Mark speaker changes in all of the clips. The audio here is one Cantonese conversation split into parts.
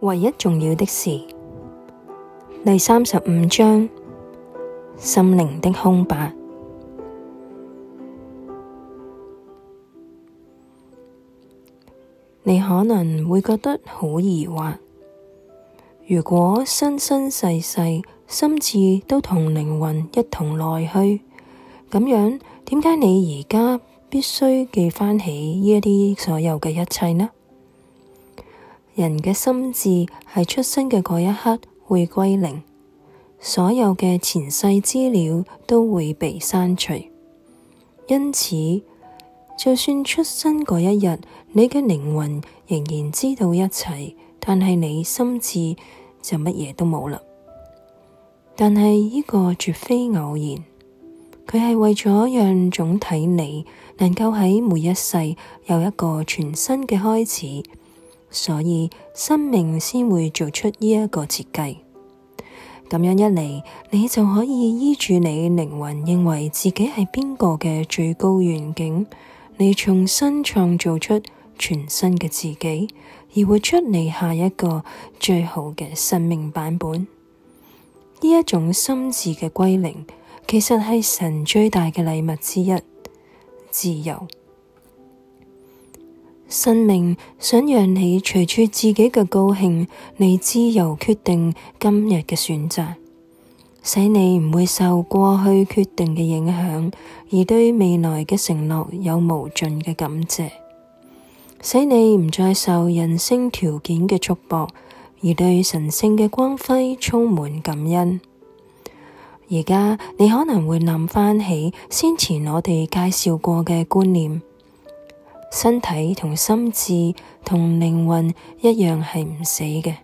Speaker 1: 唯一重要的事第三十五章：心靈的空白。你可能會覺得好疑惑。如果生生世世，心智都同靈魂一同來去，咁樣點解你而家必須記翻起呢一啲所有嘅一切呢？人嘅心智喺出生嘅嗰一刻會歸零，所有嘅前世資料都會被刪除。因此，就算出生嗰一日，你嘅靈魂仍然知道一切，但係你心智就乜嘢都冇啦。但係呢個絕非偶然，佢係為咗讓總體你能夠喺每一世有一個全新嘅開始。所以生命先會做出呢一個設計，咁樣一嚟，你就可以依住你靈魂認為自己係邊個嘅最高願景，你重新創造出全新嘅自己，而活出你下一個最好嘅生命版本。呢一種心智嘅歸零，其實係神最大嘅禮物之一——自由。生命想讓你隨處自己嘅高興，你自由決定今日嘅選擇，使你唔會受過去決定嘅影響，而對未來嘅承諾有無盡嘅感謝，使你唔再受人性條件嘅束縛，而對神聖嘅光輝充滿感恩。而家你可能會諗翻起先前我哋介紹過嘅觀念。身體同心智同靈魂一樣係唔死嘅，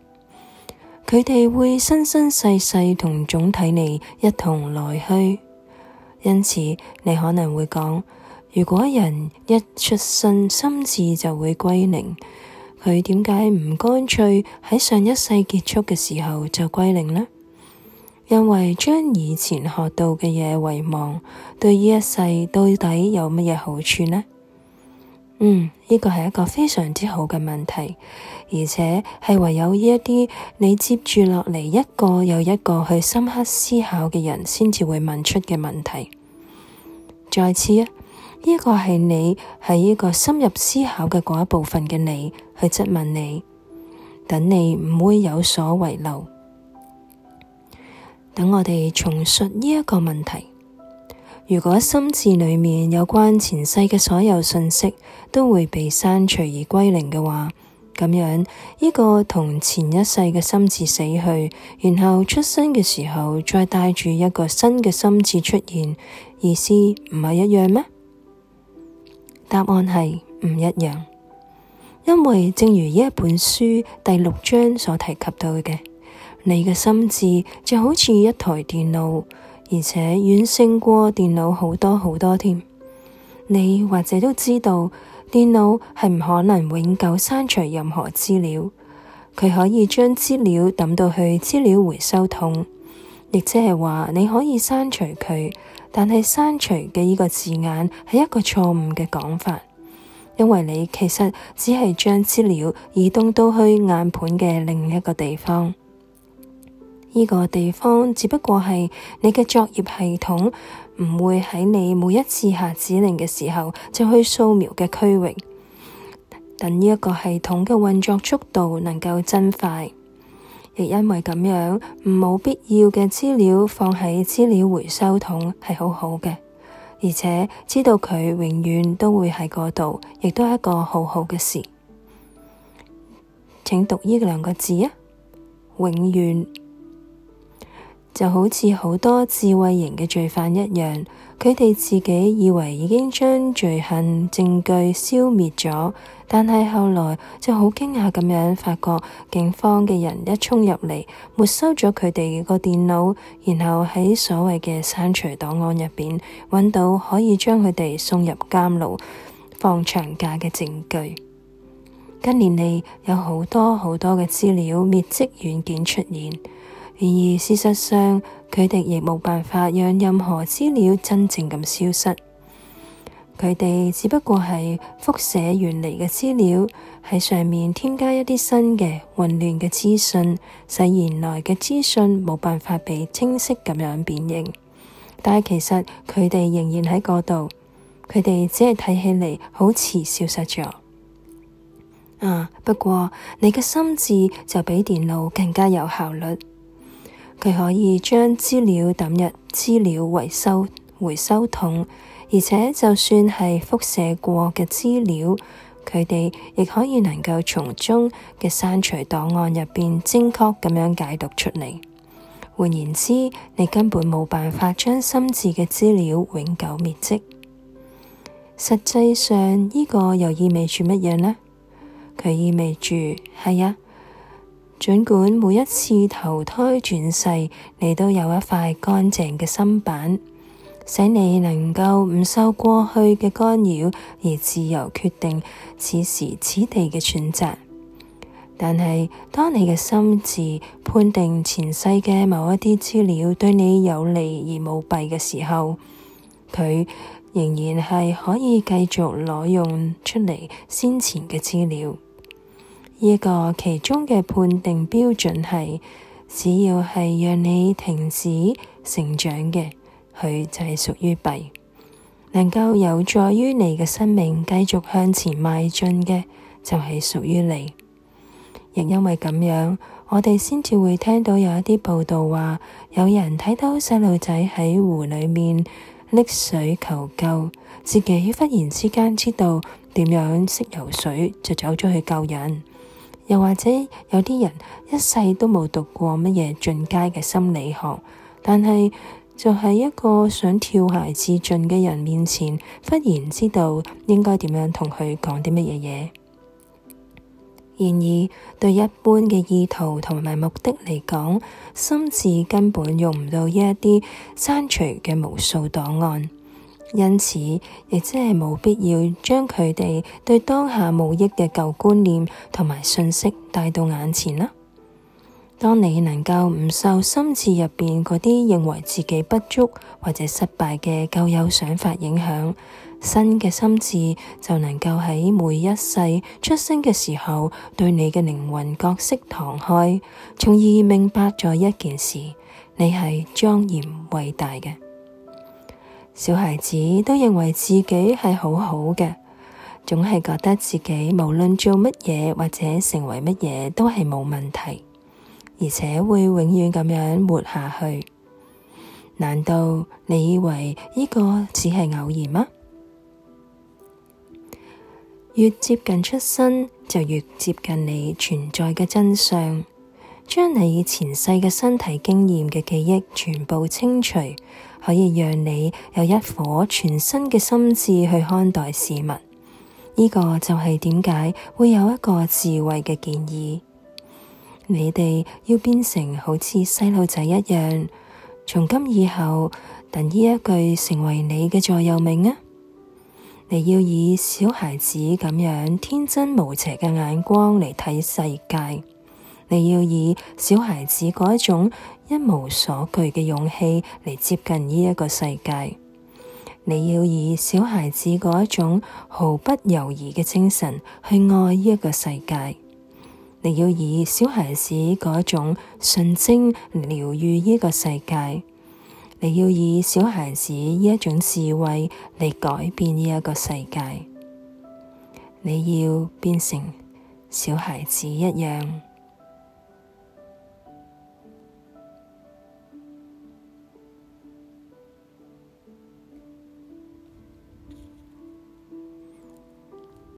Speaker 1: 佢哋會生生世世同總體你一同來去。因此，你可能會講：如果人一出生，心智就會歸零，佢點解唔乾脆喺上一世結束嘅時候就歸零呢？因為將以前學到嘅嘢遺忘，對呢一世到底有乜嘢好處呢？嗯，呢個係一個非常之好嘅問題，而且係唯有呢一啲你接住落嚟一個又一個去深刻思考嘅人先至會問出嘅問題。再次啊，呢個係你係呢個深入思考嘅嗰一部分嘅你去質問你，等你唔會有所遺漏。等我哋重述呢一個問題。如果心智裏面有關前世嘅所有信息都會被刪除而歸零嘅話，咁樣呢個同前一世嘅心智死去，然後出生嘅時候再帶住一個新嘅心智出現，意思唔係一樣咩？答案係唔一樣，因為正如呢本書第六章所提及到嘅，你嘅心智就好似一台電腦。而且遠勝過電腦好多好多添。你或者都知道，電腦係唔可能永久刪除任何資料，佢可以將資料抌到去資料回收桶，亦即係話你可以刪除佢，但係刪除嘅呢個字眼係一個錯誤嘅講法，因為你其實只係將資料移動到去硬盤嘅另一個地方。呢個地方只不過係你嘅作業系統唔會喺你每一次下指令嘅時候就去掃描嘅區域，等呢一個系統嘅運作速度能夠增快。亦因為咁樣，冇必要嘅資料放喺資料回收桶係好好嘅，而且知道佢永遠都會喺嗰度，亦都係一個好好嘅事。請讀呢兩個字啊，永遠。就好似好多智慧型嘅罪犯一樣，佢哋自己以為已經將罪行證據消滅咗，但係後來就好驚訝咁樣發覺，警方嘅人一衝入嚟，沒收咗佢哋個電腦，然後喺所謂嘅刪除檔案入邊，揾到可以將佢哋送入監牢放長假嘅證據。近年嚟有好多好多嘅資料滅跡軟件出現。然而，事實上佢哋亦冇辦法讓任何資料真正咁消失。佢哋只不過係複寫原嚟嘅資料，喺上面添加一啲新嘅混亂嘅資訊，使原來嘅資訊冇辦法被清晰咁樣變形。但係其實佢哋仍然喺嗰度，佢哋只係睇起嚟好似消失咗。啊，不過你嘅心智就比電腦更加有效率。佢可以將資料抌入資料回收回收桶，而且就算係輻射過嘅資料，佢哋亦可以能夠從中嘅刪除檔案入邊精確咁樣解讀出嚟。換言之，你根本冇辦法將心智嘅資料永久滅跡。實際上，呢個又意味住乜嘢呢？佢意味住係啊。儘管每一次投胎轉世，你都有一塊乾淨嘅心板，使你能夠唔受過去嘅干擾而自由決定此時此地嘅選擇。但係當你嘅心智判定前世嘅某一啲資料對你有利而冇弊嘅時候，佢仍然係可以繼續攞用出嚟先前嘅資料。呢個其中嘅判定標準係，只要係讓你停止成長嘅，佢就係屬於弊；能夠有助於你嘅生命繼續向前邁進嘅，就係屬於你。亦因為咁樣，我哋先至會聽到有一啲報道話，有人睇到細路仔喺湖裏面溺水求救，自己忽然之間知道點樣識游水，就走咗去救人。又或者有啲人一世都冇讀過乜嘢進階嘅心理學，但係就喺一個想跳鞋自盡嘅人面前，忽然知道應該點樣同佢講啲乜嘢嘢。然而，對一般嘅意圖同埋目的嚟講，心智根本用唔到呢一啲刪除嘅無數檔案。因此，亦即係冇必要將佢哋對當下冇益嘅舊觀念同埋信息帶到眼前啦。當你能夠唔受心智入邊嗰啲認為自己不足或者失敗嘅舊有想法影響，新嘅心智就能夠喺每一世出生嘅時候，對你嘅靈魂角色敞開，從而明白咗一件事，你係莊嚴偉大嘅。小孩子都認為自己係好好嘅，總係覺得自己無論做乜嘢或者成為乜嘢都係冇問題，而且會永遠咁樣活下去。難道你以為呢個只係偶然嗎？越接近出生，就越接近你存在嘅真相，將你前世嘅身體經驗嘅記憶全部清除。可以讓你有一顆全新嘅心智去看待事物，呢、這個就係點解會有一個智慧嘅建議。你哋要變成好似細路仔一樣，從今以後，等呢一句成為你嘅座右銘啊！你要以小孩子咁樣天真無邪嘅眼光嚟睇世界，你要以小孩子嗰一種。一無所懼嘅勇氣嚟接近呢一個世界，你要以小孩子嗰一種毫不猶豫嘅精神去愛呢一個世界，你要以小孩子嗰一種純真療愈呢個世界，你要以小孩子呢一種智慧嚟改變呢一個世界，你要變成小孩子一樣。